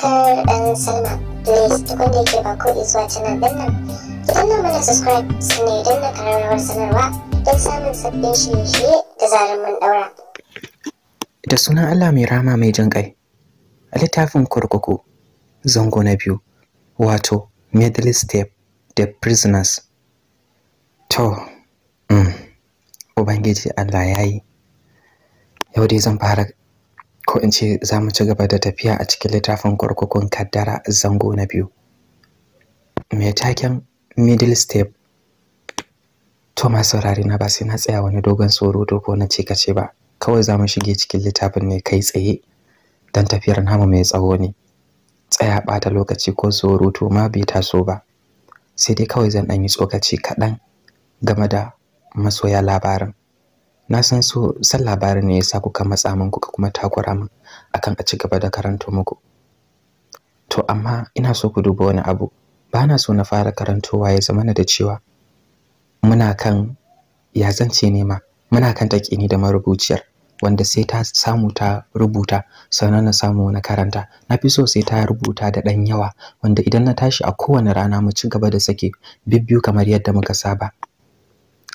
subscribe and sign up. Please da subscribe sanarwa don samun da sunan Allah mai rama mai jin kai. A littafin kurkuku zango na biyu wato middle step the prisoners. To, mm, Ubangiji Allah ya yi. Yau dai zan fara ko in ce za mu ci gaba da tafiya a cikin littafin kurkukun kaddara zango na biyu mai taken middle step Thomas saurari na ba sai na tsaya wani dogon tsoro ko na ce kace ba kawai za mu shige cikin littafin ne kai tsaye don tafiyar namu mai tsawo ne tsaya ɓata lokaci ko soroto, ma bai taso ba sai dai kawai zan ɗan yi tsokaci kaɗan game da masoya labarin na san so san labarin ne yasa kuka matsa min kuka kuma takura min akan a ci gaba da karanto muku to amma ina so ku duba wani abu ba na so na fara karantowa ya zama da cewa muna kan ya zance ne ma muna kan takini da marubuciyar wanda sai ta samu ta rubuta sannan na samu na karanta na fi so sai ta rubuta da ɗan yawa wanda idan na tashi a kowane rana mu ci gaba da sake bibbiyu kamar yadda muka saba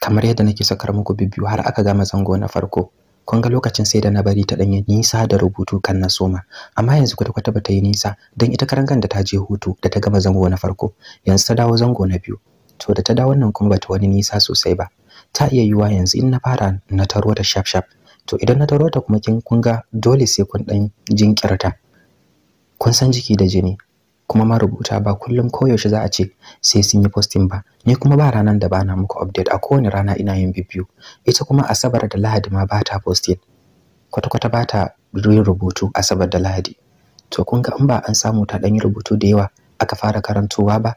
kamar yadda nake sakar muku bibbiyu har aka gama zango na farko kun ga lokacin sai da na bari ta danye nisa da rubutu kan na soma amma yanzu kwata kwata bata yi nisa don ita karangan da ta je hutu da ta gama zango na farko yanzu ta dawo zango na biyu to da ta dawo nan kuma bata wani nisa sosai ba ta iya yiwa yanzu in na fara na taro ta shaf shaf to idan na taro ta kuma kin kun ga dole sai kun dan jinkirta kun san jiki da jini kuma ma rubuta ba kullum koyaushe za a ce sai sun yi posting ba ni kuma ba ranar da bana muku update a kowane rana ina yin bibiyu ita kuma asabar da lahadi ma ba ta posting kwata-kwata ba ta yin rubutu asabar da lahadi to kun ga in ba an samu ta ɗan yi rubutu da yawa aka fara karantowa ba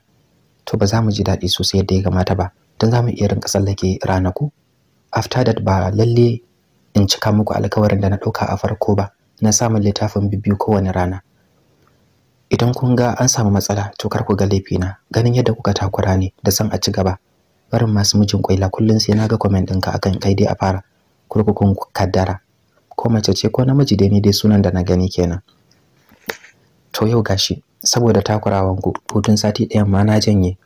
to ba za mu ji daɗi sosai yadda ya kamata ba don za mu iya rinka tsallake ranaku after that ba lalle in cika muku alkawarin da na ɗauka a farko ba na samun littafin bibiyu kowane rana idan kun ga an samu matsala to kar ku ga laifina ganin yadda kuka takura ne da san a ci gaba barin masu mijin kwaila kullum sai naga comment ɗinka akan kai dai a fara kurkukun kaddara ko mace ce ko namiji dai ne dai sunan da na gani kenan to yau gashi saboda takurawan ku hutun sati ɗaya ma na janye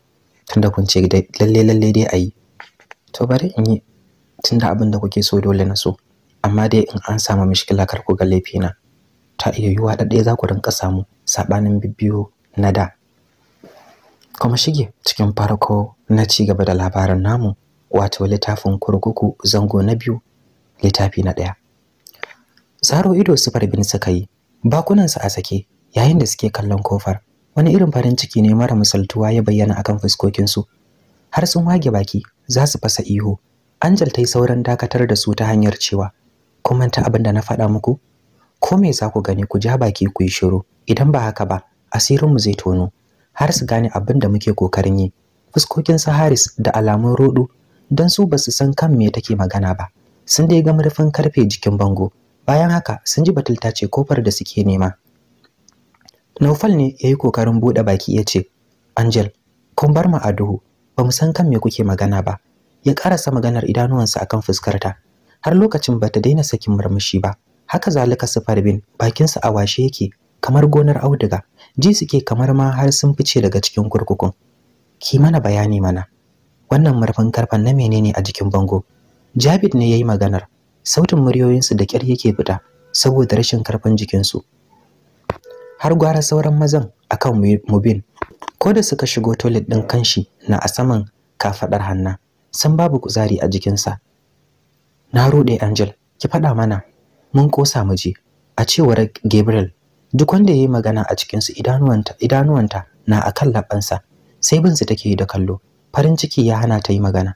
tunda kun ce lalle lalle dai ayi to bari in yi tunda abin da kuke so dole na so amma dai in an samu mishkila kar ku ga laifina ta iya yiwa ɗaya za ku rinka samu saɓanin bibiyo na da kuma shige cikin farko na ci gaba da labarin namu wato littafin kurkuku zango na biyu littafi na ɗaya zaro ido sufar bin suka yi bakunansa a sake yayin da suke kallon kofar wani irin farin ciki ne mara misaltuwa ya bayyana akan fuskokinsu har sun wage baki za su fasa ihu Anjal ta yi sauran dakatar da su ta hanyar cewa kun manta abin da na faɗa muku ko me za ku gani ku ja baki ku yi shiru idan ba haka ba asirinmu zai tono har su gane abin da muke kokarin yi fuskokin su Haris da alamun rodo don su basu san kan me take magana ba sun dai ga murfin karfe jikin bango bayan haka sun ji batul ta ce kofar da suke nema Naufal ne ya yi kokarin buɗe baki ya ce Angel kun bar mu a duhu ba mu san kan me kuke magana ba ya karasa maganar idanuwansa akan fuskarta har lokacin bata daina sakin murmushi ba haka zalika sifar bin, bakinsu a washe yake kamar gonar auduga ji suke kamar ma har sun fice daga cikin kurkukun ki mana bayani mana wannan murfin karfan na menene a jikin bango jabit ne yayi maganar sautin muryoyinsu da ƙyar yake fita saboda rashin karfin jikinsu har gwara sauran mazan akan mubin ko da suka shigo toilet ɗin kanshi na a saman kafaɗar hannu. san babu kuzari a jikinsa na ruɗe angel ki faɗa mana mun kosa mu je a cewar Gabriel duk wanda ya yi magana a cikin su idanuwanta na akan labansa sai bin su take da kallo farin ciki ya hana ta yi magana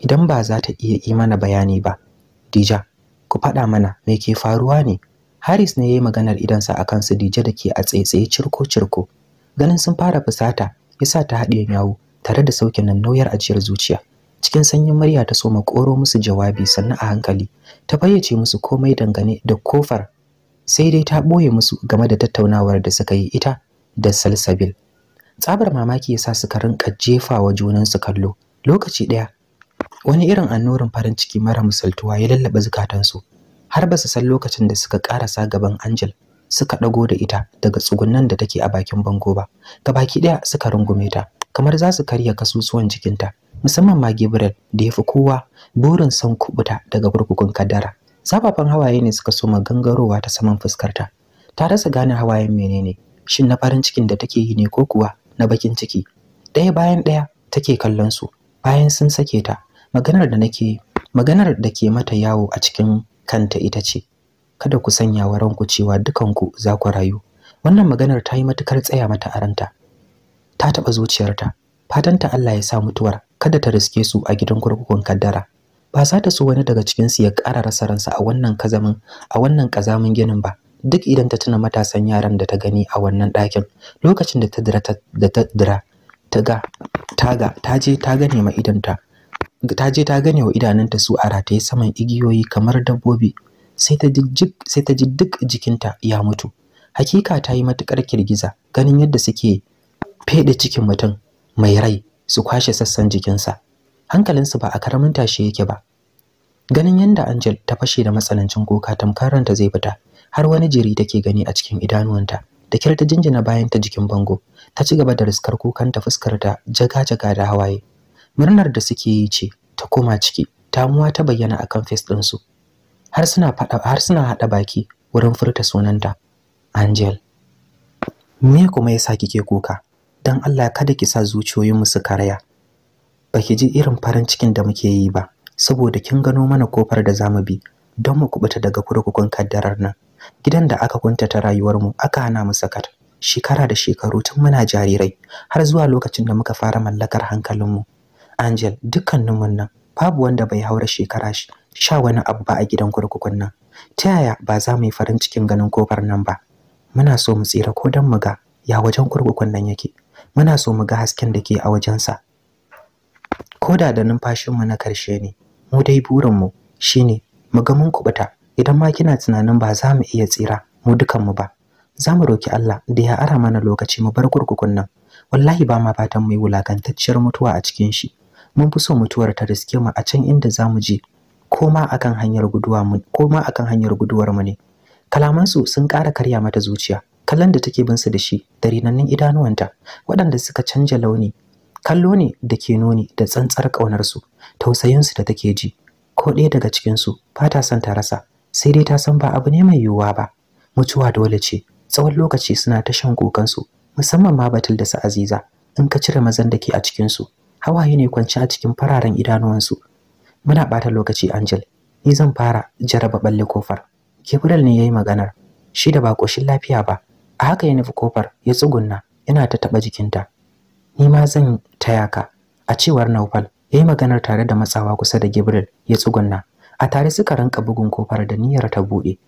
idan ba za ta iya yi mana bayani ba Dija ku faɗa mana me ke faruwa ne Haris ne yi maganar idansa akan su Dija ke a tsaitsaye cirko cirko ganin sun fara fusata yasa ta haɗe yawo tare da sauke nan nauyar ajiyar zuciya cikin sanyin murya ta soma koro musu jawabi sannan a hankali ta fayyace musu komai dangane da kofar sai dai ta ɓoye musu game da tattaunawar da suka yi ita da salsabil tsabar mamaki yasa suka rinka jefa wa junansu kallo lokaci ɗaya wani irin annorin farin ciki mara misaltuwa ya lallaba zukatansu har ba su san lokacin da suka karasa gaban angel suka ɗago da ita daga tsugunnan da take a bakin bango ba gabaki ɗaya suka rungume ta kamar za su karya kasusuwan jikinta musamman ma Gabriel da ya fi kowa burin son kubuta daga burkukun kaddara. Zafafan hawaye ne suka soma gangarowa ta saman fuskarta. Ta rasa gane hawayen menene, shin na farin cikin da take yi ne ko kuwa na bakin ciki. Ɗaya bayan ɗaya take kallon su, bayan sun sake ta, maganar da nake maganar da ke mata yawo a cikin kanta ita ce, kada ku sanya wa ranku cewa dukanku za ku rayu. Wannan maganar ta yi matukar tsaya mata a ranta. Ta taɓa zuciyarta, fatanta Allah ya sa mutuwar kada ta riske su a gidan kurkukun kaddara ba za ta so wani daga cikin su ya ƙara rasa ransa a wannan kazamin a wannan kazamin ginin ba duk idan ta tuna matasan yaran da ta gani a wannan ɗakin lokacin da ta dira da ta dira ta ga ta ga ta je ta gane ma idanta ta je ta gane wa idanunta su a rataye saman igiyoyi kamar dabbobi sai ta ji sai ta ji duk jikinta ya mutu hakika ta yi matukar kirgiza ganin yadda suke fede cikin mutum mai rai su kwashe sassan jikinsa hankalinsu ba a karamin tashi yake ba ganin yadda Angel ta fashe da matsanancin kuka tamkaranta zai fita har wani jiri take gani a cikin idanuwanta da kyar jinjina bayan ta jikin bango ta ci gaba da riskar kukan ta fuskar ta jaga-jaga da hawaye murnar da suke yi ce ta koma ciki tamuwa ta bayyana akan face din su har suna fada hada baki wurin furta sunanta Angel me kuma yasa kike kuka don Allah kada ki sa zuciyoyinmu su karaya baki ji irin farin cikin da muke yi ba saboda kin gano mana kofar da zamu bi don mu kubuta daga kurkukun kaddarar nan gidan da aka kuntata rayuwarmu aka hana mu sakat shekara da shekaru tun muna jarirai har zuwa lokacin da muka fara mallakar hankalinmu angel mun nan babu wanda bai haura shekara shi sha wani abu ba a gidan kurkukun nan ta yaya ba za mu yi farin cikin ganin kofar nan ba muna so mu tsira ko don mu ga ya wajen kurkukun nan yake muna so mu ga hasken da ke a wajensa ko da da numfashinmu na karshe ne mu dai burinmu shine mu ga mun kubuta idan ma kina tunanin ba za mu iya tsira mu dukanmu ba za mu roki Allah da ya ara mana lokaci mu bar kurkukun nan wallahi ba ma fatan mu yi wulakantacciyar mutuwa a cikin shi mun fi so mutuwar ta riske mu a can inda za mu je ko akan hanyar guduwa mu koma akan hanyar guduwar mu ne kalamansu sun ƙara karya mata zuciya kallon da take binsu da shi da rinannun idanuwanta waɗanda suka canja launi kallo ne da ke nuni da tsantsar ƙaunarsu tausayinsu da take ji ko ɗaya daga cikinsu ba ta son ta rasa sai dai ta san ba abu ne mai yiwuwa ba mutuwa dole ce tsawon lokaci suna ta shan kokansu, musamman ma batul da su aziza in ka cire mazan da ke a cikinsu hawaye ne kwanci a cikin fararen idanuwansu muna ɓata lokaci angel ni zan fara jaraba balle kofar Kebral ne ya yi maganar shi da ba koshin lafiya ba a haka ya nufi kofar ya tsugunna yana ta taɓa jikinta ni ma zan taya ka a cewar naufal ya yi maganar tare da matsawa kusa da gibril ya tsugunna a tare suka ranka bugun kofar da niyyar ta buɗe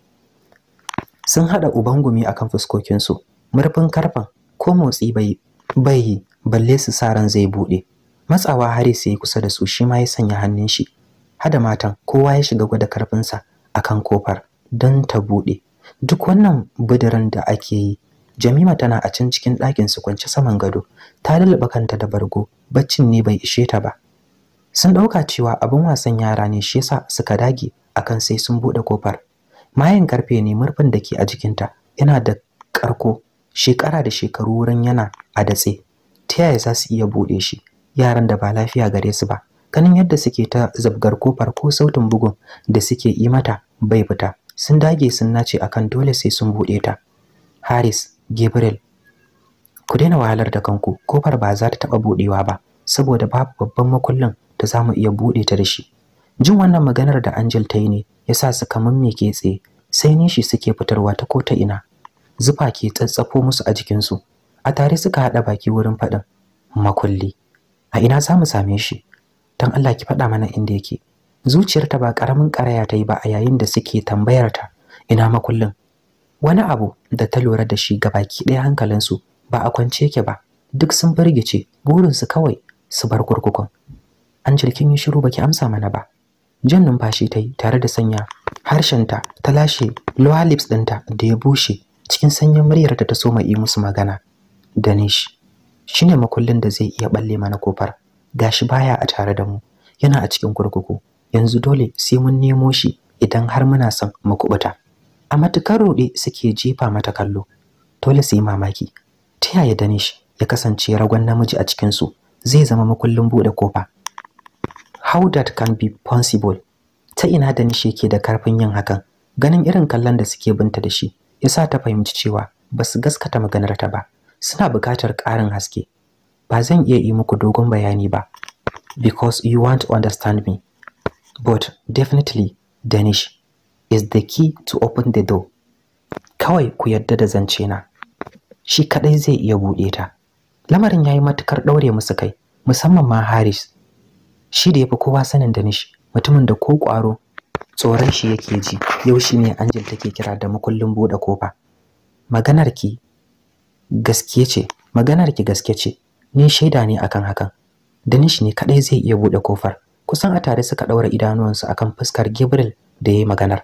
sun haɗa uban gumi kan fuskokinsu murfin karfan ko motsi bai bai balle su sa ran zai buɗe matsawa hari sai kusa da su shi ma ya sanya hannun shi hada matan kowa ya shiga gwada karfinsa kan kofar don ta buɗe duk wannan bidirin da ake yi jamima tana a can cikin ɗakin su kwance saman gado ta lalaba kanta da bargo baccin ne bai ishe ta ba sun ɗauka cewa abin wasan yara ne shi yasa suka dage akan sai sun buɗe kofar mayan karfe ne murfin da ke a jikinta yana da ƙarko shekara da shekaru wurin yana a datse ta yaya za su iya buɗe shi yaran da ba lafiya gare su ba ganin yadda suke ta zabgar kofar ko sautin bugun da suke yi mata bai fita sun dage sun nace akan dole sai sun buɗe ta haris gabriel ku daina wahalar da kanku kofar ba za ta taɓa buɗewa ba saboda babu babban makullin da za mu iya buɗe ta da shi jin wannan maganar da angel ta yi ne ya sa su kaman me ke tsaye sai nishi suke fitarwa ta ko ta ina zufa ke tsatsafo musu a jikinsu a tare suka haɗa baki wurin faɗin makulli a ina za mu same shi don allah ki faɗa mana inda yake zuciyarta ba ƙaramin karaya ta yi ba a yayin da suke tambayar ta ina makullin wani abu da ta lura da shi gabaki ɗaya hankalinsu ba a kwance ke ba duk sun firgice burinsu kawai su bar kurkukun an jirkin yi shiru baki amsa mana ba jan numfashi ta yi tare da sanya harshen ta ta lashe lower lips ɗinta da ya bushe cikin sanyin muryar da ta soma yi musu magana Da shi shine makullin da zai iya balle mana kofar gashi baya a tare da mu yana a cikin kurkuku yanzu dole sai mun nemo shi idan har muna son mu kubuta a matukar roɗe suke jefa mata kallo dole sai mamaki ta yaya danish ya kasance ragon namiji a cikinsu zai zama makullin buɗe kofa how that can be possible ta ina danish yake da karfin yin hakan ganin irin kallon da suke binta da shi ya sa ta fahimci cewa ba su gaskata maganar ta ba suna buƙatar ƙarin haske ba zan iya yi muku dogon bayani ba because you want to understand me but definitely Danish is the key to open the door. Kawai ku yarda da zance na. Shi kadai zai iya buɗe ta. Lamarin yayi matukar daure musu kai, musamman ma Haris. Shi da yafi kowa sanin Danish, mutumin da ko kwaro tsoron shi yake ji. Yau shi ne Angel take kira da makullin bude kofa. Maganar ki gaskiya ce, maganar ki gaskiya ce. Ni shaida ne akan hakan. Danish ne kadai zai iya bude kofar. kusan a tare suka ɗaura idanuwansu akan fuskar Gabriel da ya yi maganar.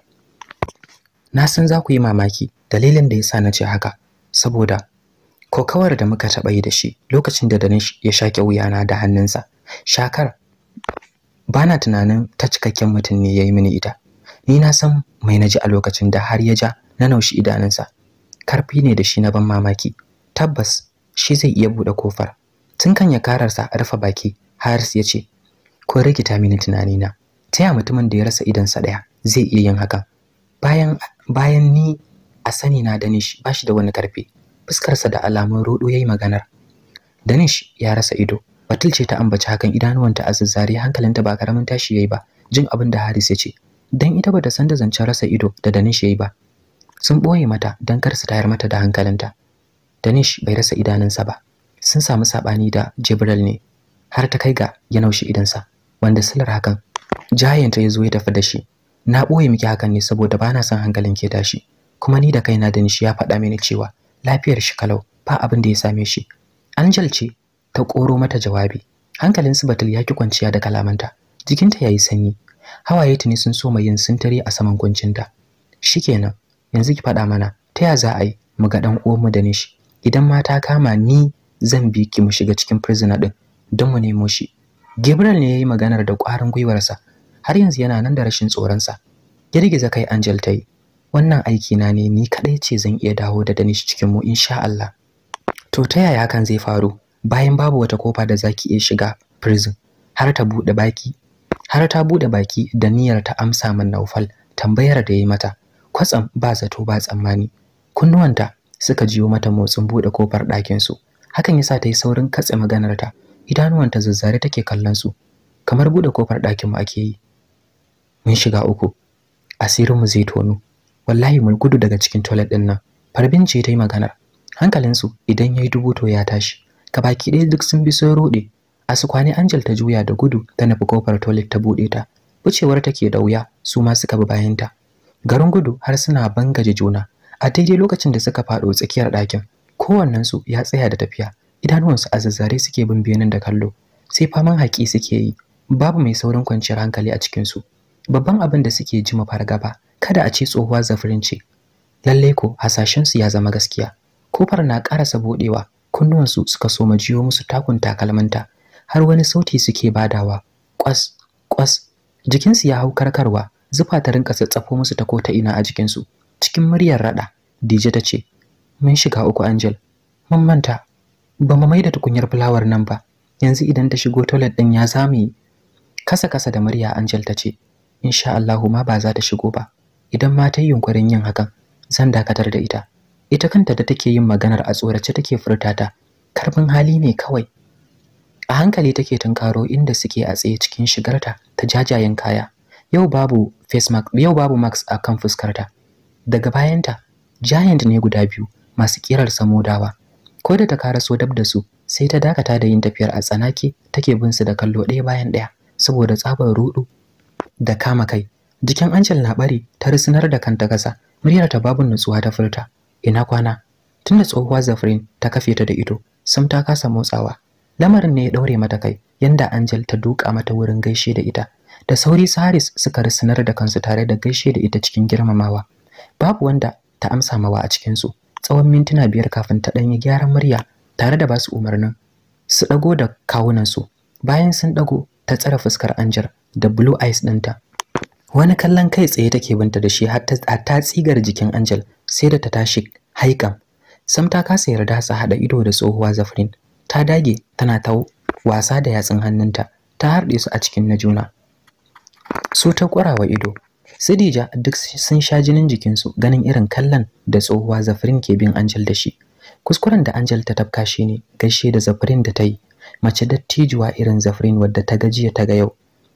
Na san za ku yi mamaki dalilin da ya sa na ce haka, saboda kokawar da muka taɓa yi da shi lokacin da Danish ya shaƙe wuyana da hannunsa, shakar ba na tunanin ta cikakken mutum ne ya yi mini ita. Ni na san mai naji a lokacin da har ya ja na naushi idanunsa. Karfi ne da shi na ban mamaki, tabbas shi zai iya buɗe kofar. Tun kan ya kararsa a rufe baki, Haris ya ce, ko rikita mini tunani na taya mutumin da ya rasa sa ɗaya zai iya yin hakan bayan bayan ni a sani na danish ba shi da wani karfi fuskarsa da alamun rodo ya yi maganar danish ya rasa ido batul ce ta ambaci hakan idanuwanta a zazzare hankalinta ba karamin tashi yayi yi ba jin abin da haris ya ce dan ita ba ta san da zancen rasa ido da danish ya yi ba sun ɓoye mata dan kar su tayar mata da hankalinta danish bai rasa idanunsa ba sun samu sabani da jibril ne har ta kai ga ya naushe idansa wanda silar hakan giant ya zo ya tafi da shi na ɓoye miki hakan ne saboda bana son hankalin ke da shi. kuma ni da kaina da nishi ya faɗa mini cewa lafiyar shi kalau fa abin da ya same shi Angel ce ta koro mata jawabi hankalin su batul ya ki kwanciya da kalamanta jikinta yayi sanyi hawaye tuni sun so soma yin sintiri a saman kuncinta shikenan yanzu ki faɗa mana ta ya za a yi mu ga dan mu da nishi idan mata kama ni zan bi ki mu shiga cikin prisoner din don mu nemo shi Gabriel ne ya yi maganar da ƙwarin gwiwarsa, har yanzu yana nan da rashin tsoronsa. Girgiza kai Angel ta yi, wannan aiki na ne ni kaɗai ce zan iya dawo da Danish cikin mu insha Allah. To ta yaya hakan zai faru bayan babu wata kofa da zaki iya shiga prison har ta buɗe baki har ta buɗe baki da niyyar ta amsa min Naufal tambayar da yi mata. Kwatsam ba zato ba tsammani. Kunnuwanta suka jiyo mata motsin buɗe kofar ɗakinsu. Hakan yasa ta yi saurin katse maganarta. ta. idanuwanta zazzare take kallon su kamar bude kofar ɗakinmu mu ake yi mun shiga uku asirin mu zai tono wallahi mun gudu daga cikin toilet din nan ce ta yi maganar. hankalin su idan yayi dubu to ya tashi ka baki ɗaya duk sun bi sun rode su kwane Angel ta juya da gudu ta nufi kofar toilet ta buɗe ta wucewar take da wuya su ma suka bi bayanta. garin gudu har suna bangaje juna a daidai lokacin da suka faɗo tsakiyar ɗakin kowannensu ya tsaya da tafiya idanuwansu a zazzare suke bin benen da kallo sai faman haƙi suke yi babu mai saurin kwanciyar hankali a cikinsu babban abin da suke ji mafargaba kada a ce tsohuwa zafirin ce lallai ko hasashensu ya zama gaskiya kofar na ƙarasa buɗewa kunnuwansu suka so jiyo musu takun takalmanta har wani sauti suke badawa kwas kwas jikinsu ya hau karkarwa zufa ta rinka tsatsafo musu ta ko ta ina a jikinsu cikin muryar raɗa, dije ta ce mun shiga uku angel mun manta ba mu maida tukunyar fulawar nan ba yanzu idan ta shigo toilet din ya zame kasa kasa da murya Angel ta ce insha Allah ma ba za ta shigo ba idan ma ta yunkurin yin hakan zan dakatar da ita ita kanta da take yin maganar a tsorace take furta ta karfin hali ne kawai a hankali take tunkaro inda suke a tsaye cikin shigarta ta jajayen kaya yau babu face mask yau babu max a kan fuskarta daga bayanta giant ne guda biyu masu kirar dawa. ko da ta karaso dab da su sai ta dakata da yin tafiyar a tsanaki take bin su da kallo ɗaya bayan ɗaya saboda tsabar rudu da kama kai jikin Angel na bari ta risinar da kanta kasa muryar ta babu nutsuwa ta furta ina kwana tunda tsohuwa Zafrin ta kafe ta da ido sam ta kasa motsawa lamarin ne ya daure mata kai yanda Angel ta duka mata wurin gaishe da ita da sauri Saris suka risinar da kansu tare da gaishe da ita cikin girmamawa babu wanda ta amsa mawa a cikin su tsawon mintuna biyar kafin ta ɗanyi gyaran murya tare da basu umarnin su ɗago da kawunansu bayan sun ɗago ta tsare fuskar anjar da blue eyes ɗinta wani kallon kai tsaye take binta da shi har ta tsigar jikin angel sai da ta tashi haikan. sam ta kasa yarda su haɗa ido da tsohuwa zafirin ta dage tana ta wasa da yatsun hannunta ta harɗe su a cikin na juna su ta ƙwarawa ido Sidija duk sun sha jinin jikinsu ganin irin kallon da tsohuwa zafrin ke bin angel da shi kuskuren da angel ta tafka shi ne gaishe da zafrin da ta yi mace dattijuwa irin zafrin wadda ta gajiya ta ga yau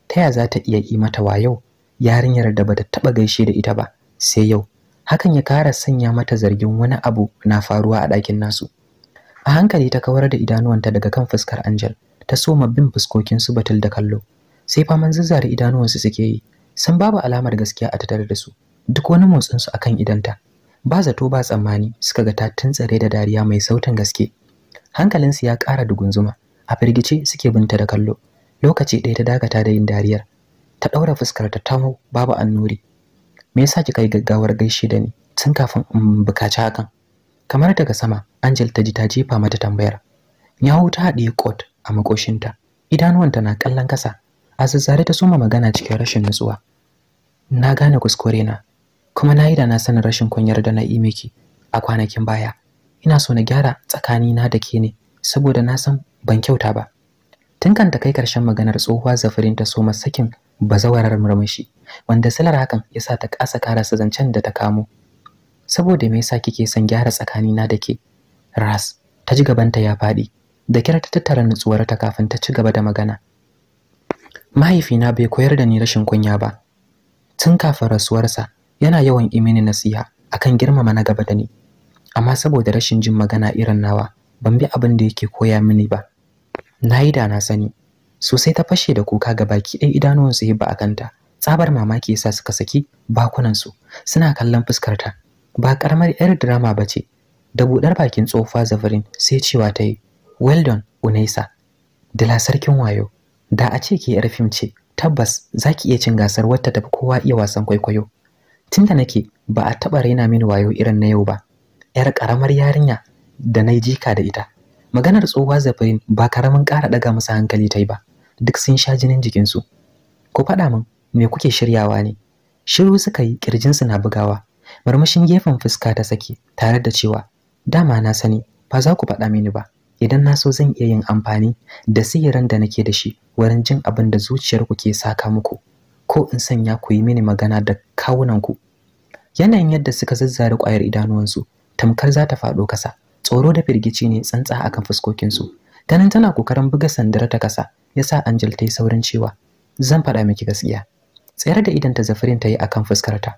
ta ya za ta iya yi mata wa yau yarinyar da bata taɓa gaishe da ita ba sai yau hakan ya kara sanya mata zargin wani abu na faruwa a ɗakin nasu a hankali ta kawar da idanuwanta daga kan fuskar Angel ta soma bin fuskokin su batul da kallo sai faman zazzare idanuwansu suke yi san babu alamar gaskiya a tattare da su duk wani motsin su akan idanta ba zato ba tsammani suka ga ta tuntsare da dariya mai sautin gaske hankalin su ya ƙara dugunzuma a firgice suke binta da kallo lokaci ɗaya ta dakata da yin dariyar ta ɗaura fuskar ta tamo babu annuri me yasa kika yi gaggawar gaishe da ni tun kafin in bukaci hakan kamar daga sama Angel ta ji ta jefa mata tambayar Yahu ta haɗe kot a makoshinta idanuwanta na kallon kasa a ta soma magana cikin rashin nutsuwa na gane kuskure na kuma na yi da na sanin rashin kunyar da na yi a kwanakin baya ina so na gyara tsakanina da ke ne saboda na san ban kyauta ba tun kan ta kai karshen maganar tsohuwa zafirin ta soma sakin bazawarar murmushi wanda silar hakan ya sa ta kasa karasa zancen da ta kamo saboda me yasa kike son gyara tsakanina da ke ras ta ji gabanta ya faɗi da kira ta tattara nutsuwar ta kafin ta ci gaba da magana mahaifina bai koyar da ni rashin kunya ba tun kafin rasuwarsa yana yawan yi nasiha akan girmama na gaba da ni amma saboda rashin jin magana irin nawa ban bi abin da yake koya mini ba na yi da na sani sosai ta fashe da kuka ga baki ɗaya idanuwansu hibba a kanta tsabar mamaki yasa suka saki su, suna kallon fuskarta ba karamar yar drama ba ce da buɗar bakin tsofa zafirin sai cewa ta yi well done unaisa dala sarkin wayo da a ce ke yar fim ce tabbas za ki iya cin gasar wata tafi kowa iya wasan kwaikwayo Tunda da nake ba a taɓa raina mini wayo irin na yau ba yar ƙaramar yarinya da na jika da ita maganar tsohuwa zafirin ba karamin ƙara ɗaga musu hankali ta yi ba duk sun sha jinin jikinsu ku faɗa min me kuke shiryawa ne shiru suka yi ƙirjinsu na bugawa murmushin gefen fuska ta sake tare da cewa dama na sani ba za ku faɗa mini ba idan na so zan iya yin amfani da sihirin da nake da shi wurin jin abin da zuciyarku ke saka muku ko in sanya ku yi mini magana da kawunanku yanayin yadda suka zazzare ƙwayar idanuwansu tamkar za ta faɗo kasa tsoro da firgici ne tsantsa akan fuskokinsu ganin tana kokarin buga sandar ta kasa yasa Angel ta yi saurin cewa zan faɗa miki gaskiya tsayar da idan ta zafirin ta yi akan fuskarta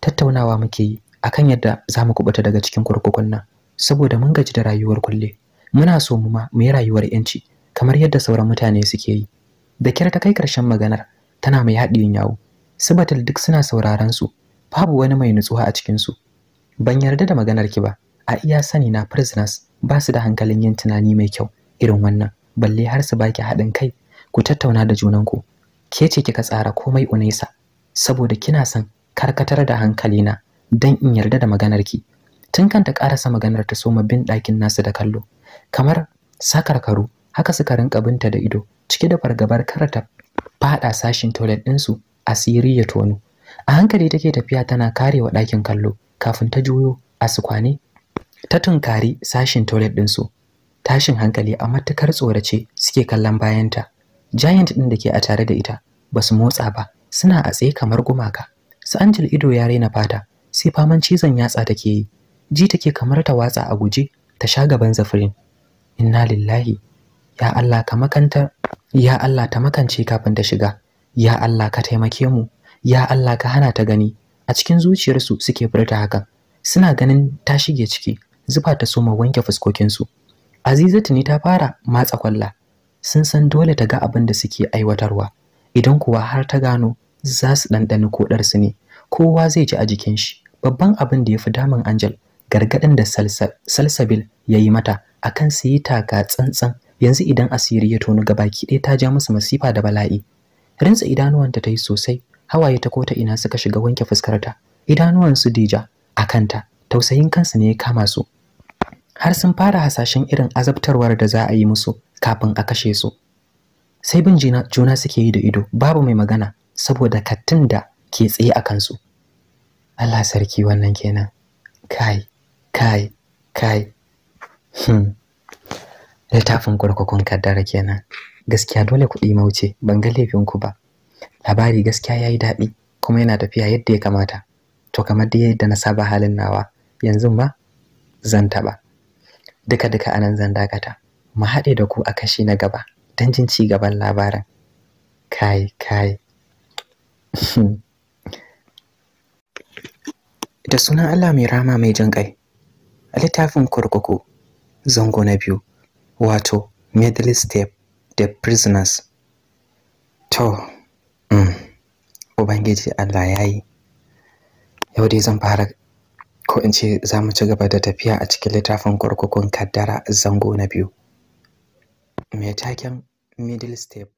tattaunawa muke yi akan yadda za mu kubuta daga cikin kurkukun nan saboda mun gaji da rayuwar kulle muna so mu ma mu yi rayuwar yanci kamar yadda sauran mutane suke yi da kyar ta kai karshen maganar tana mai haɗiyin yawo su duk suna sauraron su babu wani mai nutsuwa a cikin su ban yarda da maganar ki ba a iya sani na prisoners ba su da hankalin yin tunani mai kyau irin wannan balle har su baki haɗin kai ku tattauna da junanku ke ce kika tsara komai unaisa saboda kina son karkatar da hankali na don in yarda da maganar ki. tun kan ta ƙarasa maganar ta soma bin ɗakin nasu da kallo kamar sakarkaru haka suka rinka binta da ido cike da fargabar karata ta fada sashin toilet ɗinsu asiri ya tonu. a hankali take tafiya tana karewa ɗakin kallo kafin ta juyo a sukwane ta tunkari sashin toilet ɗinsu tashin hankali a matukar tsorace suke kallon bayanta giant ɗin da ke a tare da ita ba su motsa ba suna a tsaye kamar gumaka su anjil ido ya raina fata sai faman cizon yatsa take yi ji take kamar ta watsa a guje ta sha gaban zafirin inna lillahi ya Allah ka makanta! ya Allah ta makance kafin ta shiga ya Allah ka taimake mu ya Allah ka hana ta gani a cikin zuciyarsu suke furta hakan suna ganin ta shige ciki zuba ta soma wanke fuskokinsu Azizatu ne ta fara matsa kwalla sun san dole ta ga abin da suke aiwatarwa idan kuwa har ta gano za su ɗanɗani koɗarsu ne kowa zai ji a jikin shi babban abin da ya fi damun Angel gargaɗin da salsabil ya yi mata a kan su yi taka tsantsan yanzu idan asiri ya tonu ga baki ɗaya ta ja musu masifa da bala'i rinsa idanuwanta ta yi sosai hawaye ta kota ina suka shiga wanke fuskarta su dija a kanta tausayin kansu ne ya kama su har sun fara hasashen irin azabtarwar da za a yi musu kafin a kashe su sai bin juna suke yi da ido babu mai magana saboda kattin da ke tsaye a kansu Allah sarki wannan kenan kai kai kai hmm. littafin kurkukun kaddara kenan gaskiya dole kuɗi wuce ban ga laifinku ba labari gaskiya ya yi daɗi kuma yana tafiya yadda ya kamata to kamar da yadda na saba halin nawa yanzu ma zan taɓa duka duka anan zan dakata mu haɗe da ku a kashi na gaba don jin ci gaban labarin kai kai hmm. da sunan Allah mai rama mai jin kai a littafin kurkuku zango na biyu wato middle step the prisoners to mm. ubangiji allah ya yi yau dai zan fara ko in ce za mu ci gaba da tafiya a cikin littafin kurkukun kaddara zango na biyu mai taken middle step